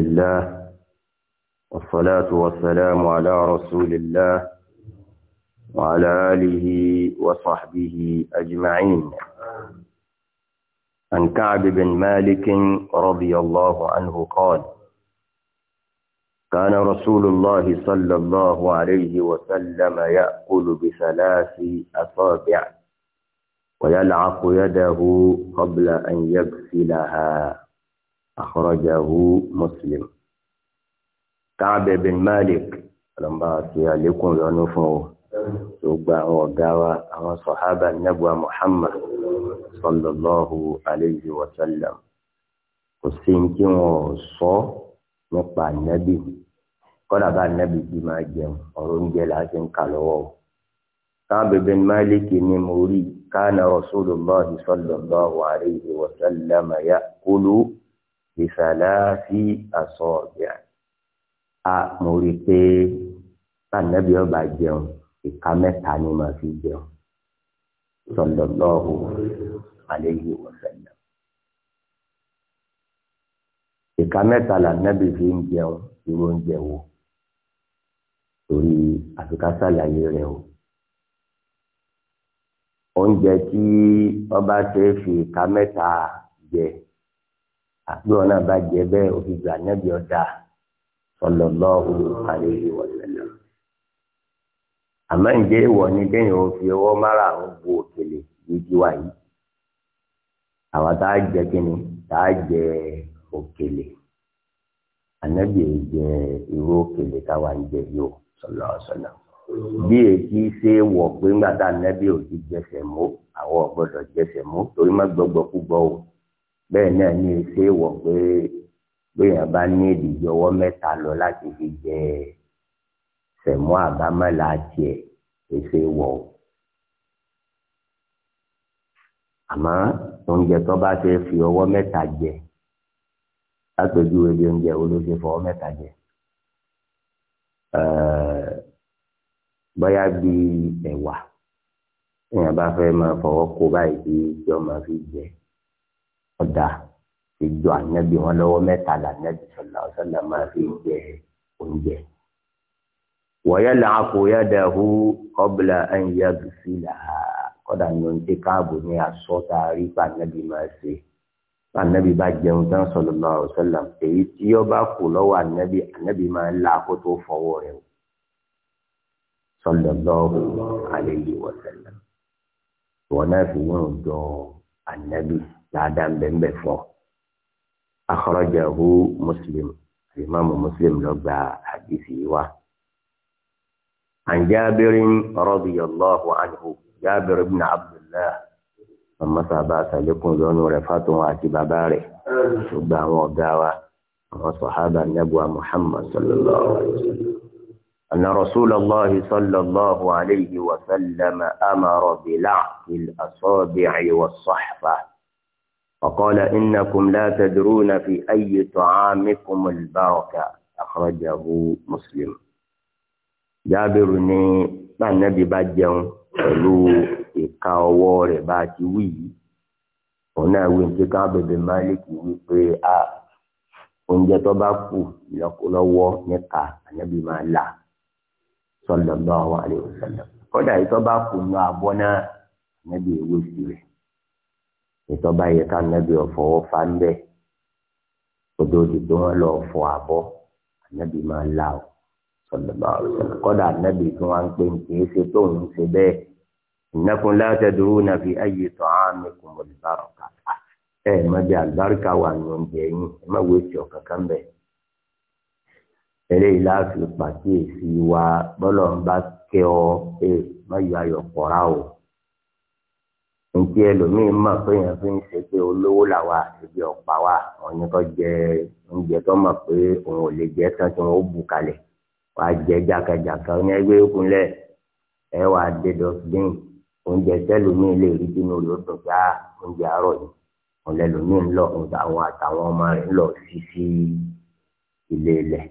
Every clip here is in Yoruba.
لله والصلاة والسلام على رسول الله وعلى آله وصحبه أجمعين عن كعب بن مالك رضي الله عنه قال كان رسول الله صلى الله عليه وسلم يأكل بثلاث أصابع ويلعق يده قبل أن يغسلها akhrajahu Muslim Ka'b bin Malik ọlọ́mọba àti àlékún ìyọnu fún ọ tó gba àwọn ọ̀gá wa àwọn sọ̀hábà nẹ́bùa Muhammad sallallahu alayhi wa sallam kò sí ní kí wọ́n sọ nípa nẹ́bì kọ́dà bá nẹ́bì bí máa jẹun ọ̀rọ̀ oúnjẹ là á ti ń Ka'b bin Malik ni mo kana Rasulullahi sallallahu alayhi wa sallam ya'kulu bisalasi asọọbìà a mo rí i pé anabi ọba jẹun ìka mẹ́ta ni màá fi jẹun sallallahu alayhi wa sallam ìka mẹ́ta là anabi fi ń jẹun irú oúnjẹ wo torí àfikà sàlàyé rẹ o oúnjẹ tí ọba ṣe fi ìka mẹ́ta jẹ àbí ah, wọn náà bá jẹ bẹ́ẹ̀ òfin gbà nẹ́bí ọ̀dà sallallahu alayhi wa sallam. àmọ́ ǹjẹ́ ìwọ ni kéèyàn ó fi ọwọ́ mára àwọn bu òkèlè yíjí wa yìí àwa tá a jẹ kínní tá a jẹ òkèlè ànábì yìí jẹ irú òkèlè táwa ń jẹ yìí ó sallallahu alayhi bí èyí ṣe wọ̀ pé ńgbà tá ànábì ò ti jẹsẹ̀ mọ́ àwọn ọ̀gbọ́dọ̀ jẹsẹ̀ mọ́ torí má gbọ́gbọ́ kú gbọ́ o bẹ́ẹ̀ náà ní ṣé wọ̀ pé béèyàn bá ní ìdíje ọwọ́ mẹ́ta lọ láti fi jẹ sẹ̀mú àbámọ́lá tiẹ̀ ṣe wọ̀ ọ́. àmọ́ oúnjẹ tó bá ṣe fi ọwọ́ mẹ́ta jẹ látọjú ebi oúnjẹ wo ló ṣe fọwọ́ mẹ́ta jẹ. bóyá bíi ẹ̀wà èèyàn bá fẹ́ máa fọwọ́ kó báyìí tí ọmọ fi jẹ ọ̀dà ìjọ ànábì wọn lọ́wọ́ mẹ́ta lànábì sọ̀là ọ̀sọ̀là máa fi ń jẹ oúnjẹ. wọ̀yẹ́ làákò yẹ́dẹ̀ hu kọ́bìlà ẹ̀yẹ bìsílà kọ́dà ní ohun tí káàbù ní asọ́ta rí pànábì máa ṣe pànábì bá jẹun tán sọ̀là ọ̀sọ̀là èyí tí ó bá kù lọ́wọ́ ànábì ànábì máa ń la kó tó fọwọ́ rẹ̀ o sọ̀là lọ́wọ́ àlejò dáadáa ń bẹ ń bẹ fún ọ akhrajahu muslim alimami muslim ló gba hadisi wa an jabirin radiyallahu anhu jabir ibn abdullah ọmọ sábà sàlékún lọ́nu rẹ̀ fàtúnwá àti bàbá rẹ̀ gbogbo àwọn ọ̀gá wa àwọn sọ̀hábà nẹ́bùa muhammad sallallahu alayhi wa sallam. أن رسول الله صلى الله عليه وسلم أمر بلعق الأصابع والصحفة وقال إنكم لا تدرون في أي طعامكم البركة أخرجه مسلم jábìrù ni bànẹ́bí bá jẹun pẹ̀lú ìka ọwọ́ rẹ̀ bá ti wí yìí òun náà wí ní ká bèbè máàlìkì wí pé a oúnjẹ tó bá kù lọ́wọ́ níka ànẹ́bí máa là sallallahu alaihi wasallam kódà yìí tó bá kù ní abọ́ náà ànẹ́bí èwe sí rẹ̀ ìtọ́ba yẹ ká nẹ́bí ọ̀fọwọ́ fa ń bẹ́ẹ̀ odò ti pé wọ́n lọ fọ àbọ̀ ànẹ́bí máa la o sọlọ́ba ọ̀sán kọ́dà ànẹ́bí tí wọ́n ń pè ń kì í ṣe tó ń ṣe bẹ́ẹ̀ ìnákun láti dúró náà fi ayé tọ́ àmì kùmọ̀lì bárọ̀kà ẹ má bí àlùbáríkà wà ní oúnjẹ yín ẹ má wo èsì ọ̀kan kan bẹ̀. eléyìí láàfin pàkíyèsí wa bọ́lọ̀ ń bá kẹ́ ọ ẹ má yọ ayọ̀ pọ̀ra o nti ẹlòmíín mà pé yẹn fi ń ṣe pé olówó là wà ebi ọ̀pá wà àwọn yẹn tó jẹ oúnjẹ tó mọ̀ pé òun ò lè jẹ tán tí wọ́n bù kalẹ̀ wà á jẹ jákèjáká ní ẹgbẹ́ ìkúnlẹ̀ ẹ wà á dé dọ́sbìn oúnjẹ tẹlòmíín lè rí sínú olóòtú pé ah, oúnjẹ àárọ̀ yìí òun lẹlòmíín lọ àwọn àtàwọn ọmọ rẹ̀ ń lọ sí sí ilé ilẹ̀.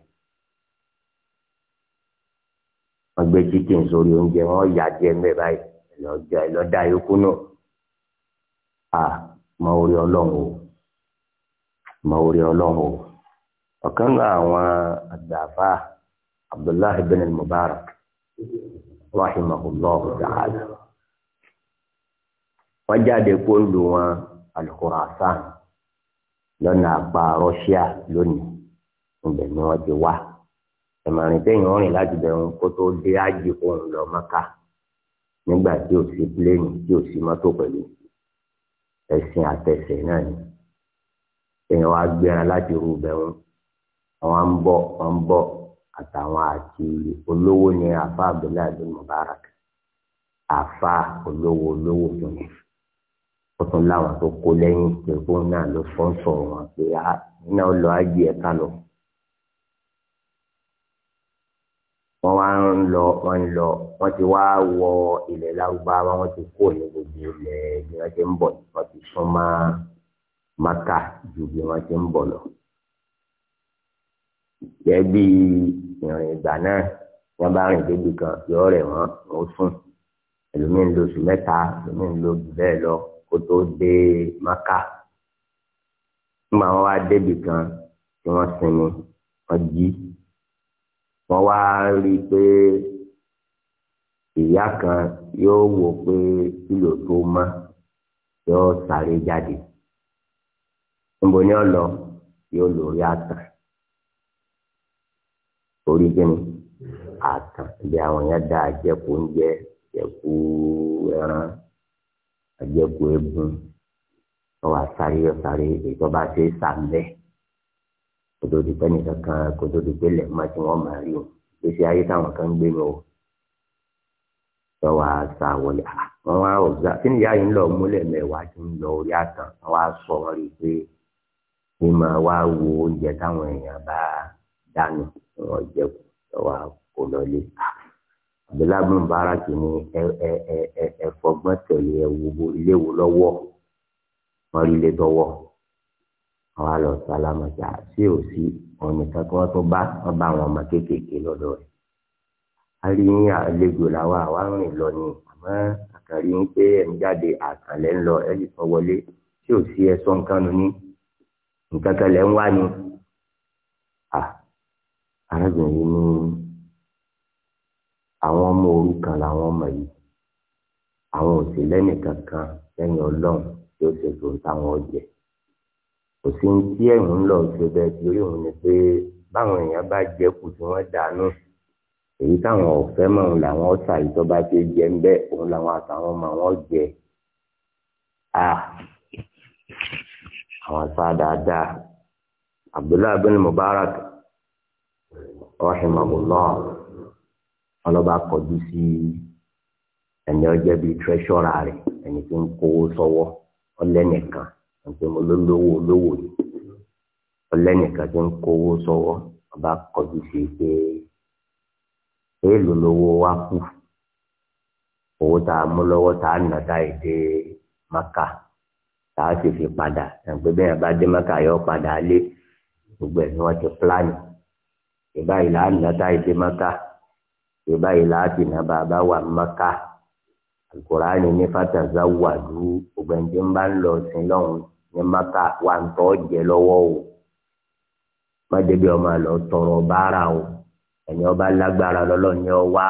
wọ́n gbé chicken sórí oúnjẹ wọ́n yà díẹ̀ mẹ́ báyìí ẹ̀lọ́dà yòókù náà à mọ orí ọlọ́run o mọ orí ọlọ́run o ọ̀kan náà àwọn àgbààfà abdullahi bin mubarak rahimahullah ta'ala wọ́n jáde kó lu wọn al-Khurasan lọ́nà àpá Russia lónìí ibẹ̀ ni wọ́n ti wá ẹ̀mọ̀rin tẹ̀yìn ọ̀rìn láti bẹ̀rù kó tó dé ájì ohun lọ mọ́ká nígbà tí ò sí pílẹ́ẹ̀nì tí ò sí mọ́tò pẹ̀lú ẹ̀sìn àtẹ̀sẹ̀ náà ni èèyàn wá gbéra láti rú bẹ̀rù àwọn ń bọ̀ wọ́n ń bọ̀ àtàwọn àti olówó ni àfa Abdullahi bin Mubarak àfa olówó olówó tó ní ó tún láwọn tó kó lẹ́yìn pé fóun náà ló sponsor wọn pé ah, iná lọ á ẹ̀ka lọ. wọ́n wá ń lọ wọ́n ń lọ wọ́n ti wá wọ ilẹ̀ lárúbáwá wọ́n ti kó ní gbogbo ilẹ̀ bí wọ́n ti ń bọ̀ wọ́n ti sún mọ́ maka ju bí wọ́n ti ń bọ̀ lọ. jẹ́ bí ìrìn ìgbà náà wọ́n bá rìn débi kan yọ rẹ̀ wọ́n wọ́n sùn ẹlòmíì ń lo oṣù mẹ́ta ẹlòmíì ń lo jù bẹ́ẹ̀ lọ kó tó dé maka. nígbà wọn wá débi kan tí wọ́n sinmi wọ́n jí. wọ́n wá rí i pé ìyá kan yóò wò pé kílò tó mọ́ yóò sáré jáde níbo ni ó lọ yóò lórí àtàn orí kíni àtàn bí àwọn yẹn dá àjẹkù oúnjẹ àjẹkù ẹran àjẹkù eegun wá sáré sáré kótó di pẹ́ni kankan kótó di pẹ́lẹ̀ má tí wọ́n máa rí o gbèsè ayé táwọn kan ń gbé ní o lọ́wọ́ àṣà wọlé ah, wọn wá ọ̀gá kí nìyá yìí ń lọ múlẹ̀ mẹ́wàá tí ń lọ orí àtàn wọn wá sọ wọn rí i pé kí máa wá wo oúnjẹ táwọn èèyàn bá dànù wọn jẹ lọ́wọ́ kó lọlé ah, abdulhamid baraki ni ẹ fọgbọ́n tẹ̀lé ẹ wo ilé wo lọ́wọ́ wọn rí ilé tọwọ́ àwọn àlọ́ sálámàtà sí òsì ọ̀nì kankan tó bá wọn bá àwọn ọmọ kéékèèké lọ́dọ̀ rẹ̀. a rí ní àlejò làwọn àwa lọ ni àmọ́ àkàrí ń pé ẹ̀ ń jáde àkànlẹ̀ ń lọ ẹ̀ sì sọ wọlé tí ò sí ẹ̀sọ́ nǹkan nu ní nǹkan kan lẹ̀ ń wá ni. arábìnrin ní àwọn ọmọ òrukàn làwọn ọmọ yìí àwọn òsì lẹ́nìkankan lẹ́yìn ọlọ́run tí ó ṣètò táwọn ọ̀jẹ̀. ó sì ń tí ẹ̀rù ń lọ ṣe bẹ́ẹ̀ tí orí òun ni pé báwọn èèyàn bá jẹ kù tí wọ́n dànù èyí táwọn ọ̀fẹ́ mọ̀ làwọn ọ̀sà ti ń bẹ́ẹ̀ òun làwọn àtàwọn ọmọ wọn jẹ a àwọn àṣà dáadáa Abdullahi bin Mubarak rahimahullah ọlọ́ba kọjú sí ẹni ọjọ́ bíi tírẹ́ṣọ́ra rẹ̀ ẹni pé mo lólówó olówó ni ọlẹ́nìkan ti ń kówó sọ́wọ́ ọba kọjú sí pé èèlò lówó wa kù owó tá a mú lọ́wọ́ tá a nà tá a dé maka tá a sì fi padà ẹ̀ǹpẹ́ bẹ́ẹ̀ bá dé maka yọ padà lé gbogbo ẹ̀ ni wọ́n ti pílánì ìbáyìí là á nà tá a dé maka ìbáyìí là á ti nà bàbá wà maka alukurani ní fataza wàdú gbogbo ẹni tí ń bá ń lọ sí lọ́hùn ní maka wà ń tọ́ jẹ lọ́wọ́ o má débi ọmọ lọ tọrọ bára o ẹni ọba lágbára lọ́lọ́ ni ọ wá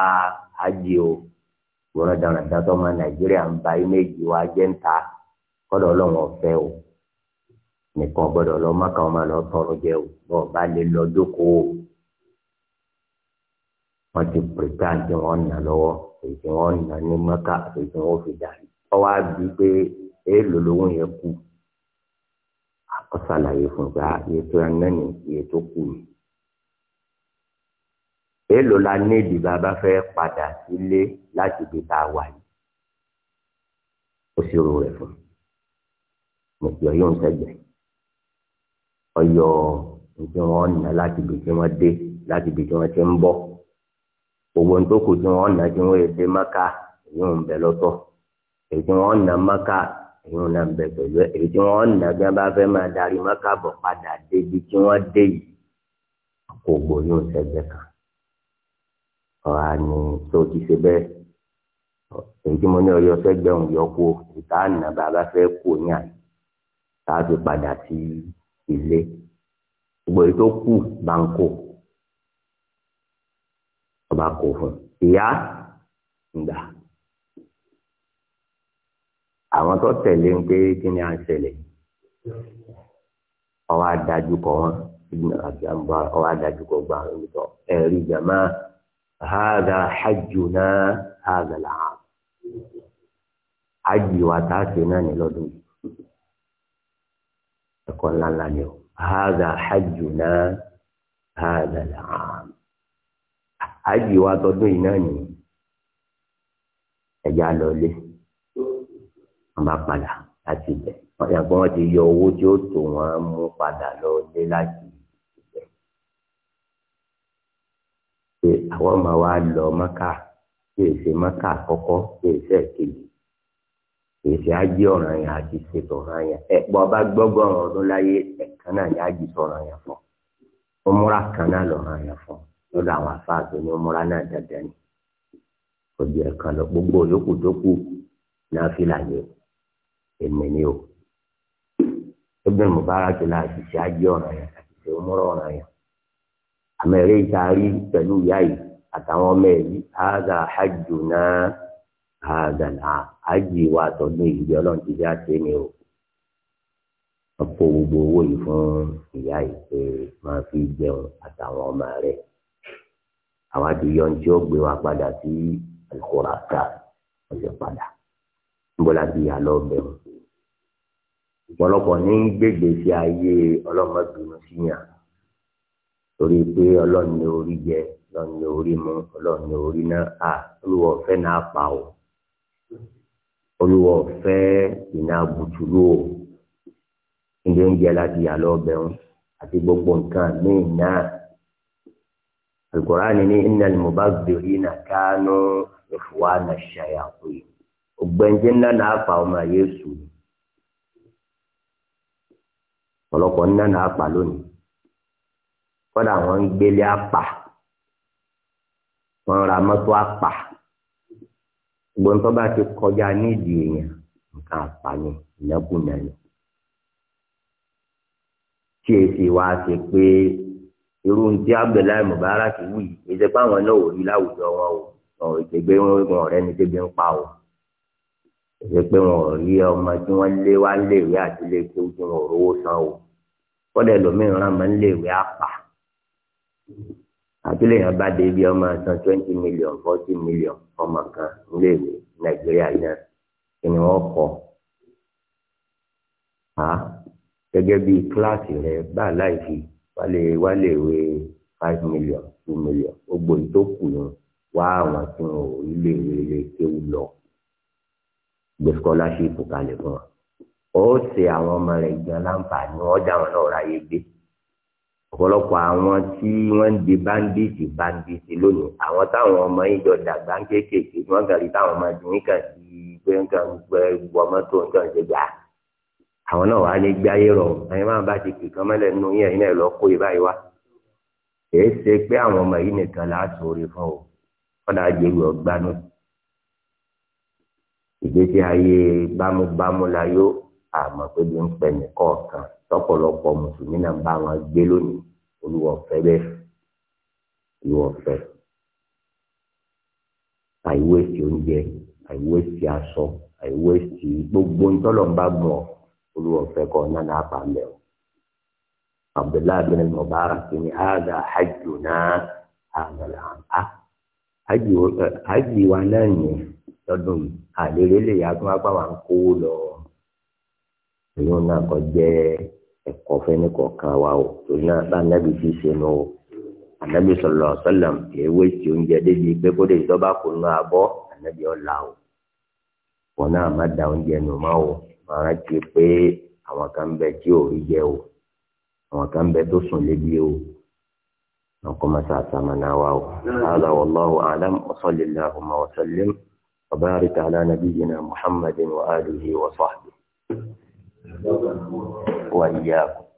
ájì o wọ́n dára dátọ́ ọmọ nàìjíríà ń ba iméjì wa jẹ́ ń ta kọ́dọ̀ ọlọ́run ọ̀fẹ́ o nìkan gbọ́dọ̀ lọ maka ọmọ lọ tọrọ jẹ o bọ́ọ̀ bá lè lọ dókòó wọ́n ti pèta àti wọ́n nà lọ́wọ́ èyí wọ́n nà ní maka èyí wọ́n fi dà ọwọ́ àbí pé èèlò lòun yẹn kú ọ ṣàlàyé fún gbà ah, iye tó yẹn náà ní iye tó kù ní. èèlò la nídìí bàbá fẹ́ padà sílé láti ibi tá a wà yìí ó sì rò rẹ̀ fún mọ̀tìyọ̀ yóò ń sẹ́gbẹ̀ ọyọ nǹkan wọn nà láti ibi tí wọ́n dé láti ibi tí wọ́n ti ń bọ̀ gbogbo nǹkan tí wọ́n nà tí wọ́n èdè mọ́ká yóò bẹ lọ́tọ̀ èyí tí nà mọ́ká ìyẹn náà ń bẹ pẹ̀lú ẹ̀ èyí tí wọ́n ń nà bí wọ́n bá fẹ́ máa darí mọ́kàbọ̀ padà débi tí wọ́n dé yìí kò gbòòyò ìṣẹ́jẹ́ kan ọ̀rá ni tó ti ṣe bẹ́ẹ̀ èyí tí mo ní ọyọ sẹ́gbẹ̀ òun yọ kó ìta àná bàbá fẹ́ kó ní àyè tá a fi padà sí ilé gbogbo èyí tó kù bá ń kó ọba kò fún ìyá ń gbà àwọn tó tẹ̀lé ń pé kí ni à ń ṣẹlẹ̀ ọwọ́ adájú kọ wọn ibùdó àti àbúrò ọwọ́ adájú kọ gba àwọn olùtọ́ ẹ̀rí jàmá hàdà hajjuna hàdà làám hajj wa tá ṣe náà ní lọ́dún yìí ẹ̀kọ́ ńláńlá ni o hàdà hajjuna hàdà làám hajj wa tọdún yìí náà ní ẹ̀yà lọ́lé wọn bá padà láti ibẹ̀ wọn yàgbọ́n wọn ti yọ owó tí ó tó wọn mú padà lọ dé láti ibẹ̀ ṣe àwọn ọmọ wa lọ mọ́kà kí èsè mọ́kà àkọ́kọ́ kí èsè kejì èsì ájí ọ̀ràn yẹn àti ṣètò ọ̀ràn yẹn ẹ bọ́ bá gbọ́gọ́rùn ọdún láyé ẹ̀kan náà ní ájí sọ̀ràn yẹn fún un múra kan náà lọ̀ràn yẹn fún lọ́dọ̀ àwọn afáàgbé ní múra náà dandan ni òjò ẹ̀kan lọ gbogbo yòókù tó kù náà fi là èmi ni o Ibn Mubarak la àṣìṣe ajé ọ̀ràn yẹn àṣìṣe òmùrọ̀ ọ̀ràn yẹn àmẹ́rẹ́ ìtaari pẹ̀lú ìyá yìí àtàwọn ọmọ ẹ̀rí àádà hajj náà àádà náà hajj wa tọdún ìdí ọlọ́run ti fi àṣẹ ni o ọ̀pọ̀ gbogbo owó yìí fún ìyá yìí pé máa fi jẹun àtàwọn ọmọ rẹ̀ àwọn àdìyọ ní ó gbé wa padà sí Al-Khurasan ọ̀sẹ̀ padà níbo la ti yà lọ bẹ̀rù ọ̀pọ̀lọpọ̀ ní gbègbè sí ayé ọlọ́mọbìnrin síyàn torí pé ọlọ́run ní orí jẹ ọlọ́run ní orí mu ọlọ́run ní orí náà à olúwa ọ̀fẹ́ náà pa o olúwa ọ̀fẹ́ ìná bùtùlù o ilé oúnjẹ láti yà lọ́bẹ̀ wọn àti gbogbo nǹkan míì náà alukóraani ní innal mubadzirina kanu ikhwana shayatin ògbẹ́njẹ́ ńlá náà fa ọmọ yéésù ni ọ̀pọ̀lọpọ̀ ń nánà apà lónìí kọ́dà wọ́n ń gbélé apà wọ́n ra mọ́tò apà gbọ́n tó bá ti kọjá nídìí èèyàn nǹkan apà ni tí èsì wa ṣe pé irú ń tí Abdullahi Mubarak wù yìí èsì pé àwọn náà ò rí láwùjọ wọn o ọ̀rọ̀ ìṣègbè wọn ọ̀rẹ́ ni tẹ́gbẹ́ ń pa o èsì pé wọn ò rí ọmọ tí wọn lé wá léèwé àti lè kí ojú wọn ò rówó san o kọ́dà ẹlòmíràn máa ń léèwé àpà àtúlẹ̀ yẹn bá dé ibi ọmọ san twenty million forty million ọmọ kan léèwé nàìjíríà náà kí ni wọ́n kọ́ a gẹ́gẹ́ bí kíláàsì rẹ bá láìfi wálé wálé wé five million two million gbogbo ìtókù wá àwọn tí wọn ò rí léèwé lè kéwù lọ gbé scholarship kalẹ̀ fún wọn ó ṣe àwọn ọmọ rẹ̀ gan láǹfààní ọjà wọn náà ráyè gbé ọ̀pọ̀lọpọ̀ àwọn tí wọ́n ń di bandits bandits lónìí àwọn táwọn ọmọ yìí jọ dàgbà ń kéékèèké wọ́n kàn rí táwọn ọmọ ẹ̀dùn yìí kàn sí pé ń kàn gbẹ wọ mọ́tò ń kàn ṣe gbà àwọn náà wà ní gbáyé rọ ẹ̀yin máa bá ti kìkan mọ́lẹ̀ nínú yẹn ẹ̀yin náà lọ kó ibà yìí wá èé ṣe pé àwọn ọmọ yìí nìkan láà sóore fún o kọ́dà jẹ́rù ọgbà náà ìgbésí ayé bámúbámú la yó àmọ́ pé bí ń pẹ́ nìkọ̀ọ̀kan tọ́pọ̀lọpọ̀ mùsùlùmí náà bá wọn gbé lónìí olúwọ̀ fẹ́ bẹ́ẹ̀ ìwọ̀ fẹ́ àìwéṣì oúnjẹ àìwéṣì aṣọ àìwéṣì gbogbo ntọ́lọ́mbà gbọ́ olúwọ̀ fẹ́ kọ́ náà náà bá mẹ́ o abdullahi bin mubarak ni hada hajjuna hada eh, hajj wa náà nìyẹn lọ́dún yìí àlèrè lè yá tó má gbà wá ń kówó lọ èyí náà kọ jẹ́ ẹ̀kọ́ fẹ́ni kọ̀ọ̀kan wa o torí náà bá nábì fi ṣe nu o ànábì sọlọ sọlọm èèwé tí oúnjẹ débi pé kó lè dọ́bà kó nu abọ́ ànábì ọ̀la o wọn náà má da oúnjẹ nù mọ́ o máa rántí pé àwọn kan bẹ tí ò rí jẹ o àwọn kan bẹ tó sùn lébi o. نقوم ساعة من أواه هذا والله أعلم وصل اللهم وسلم وبارك على نبينا محمد وآله وصحبه وإياكم